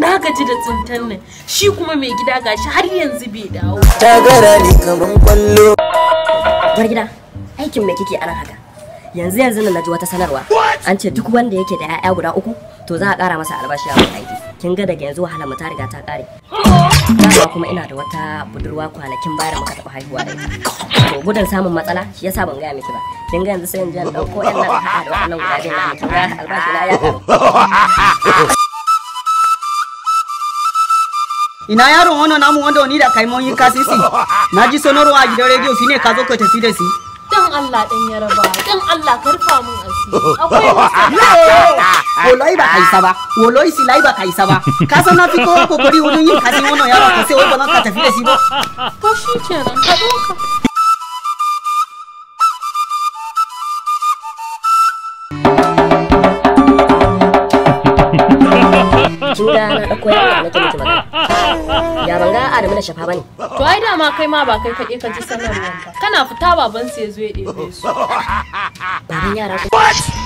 na gaji da tsintan nan shi kuma mai gida gashi har yanzu bai dawo ta gara ne kaman kwallo bar gida aikin me kike anan haka yanzu yanzu na ji wata sanarwa an ce duk wanda yake da 'ya'ya guda uku to za a ƙara masa albashi a aiki kin ga daga yanzu wahala mu ta riga ta ƙare dama kuma ina da wata budurwa kwanakin baya da muka taɓa haihuwa da to gudun samun matsala shi yasa ban gaya miki ba kin ga yanzu sai in ji an ɗauko yan nan haɗa da wannan guda biyu na miki albashi na ya ina yaron wannan namu wanda wani da kai mun kasisi na ji sanarwa a gidan rediyo shine ka zo ka tafi da shi dan Allah dan yaraba dan Allah karfa mun asiri akwai wallahi ba kai saba ba wallahi si lai ba kai saba ka san na fi kowa kokori wani yin kasi wannan yaron ka sai wannan ka tafi da shi ba ko shi ran ka doka Jura na ɗauko yaron da nake miki magana. da mana shafa bane. To ai dama kai ma ba kai kaɗai ka ji sanarwar ba. Kana fita baban su ya zo ya ɗebe su. Baban yara.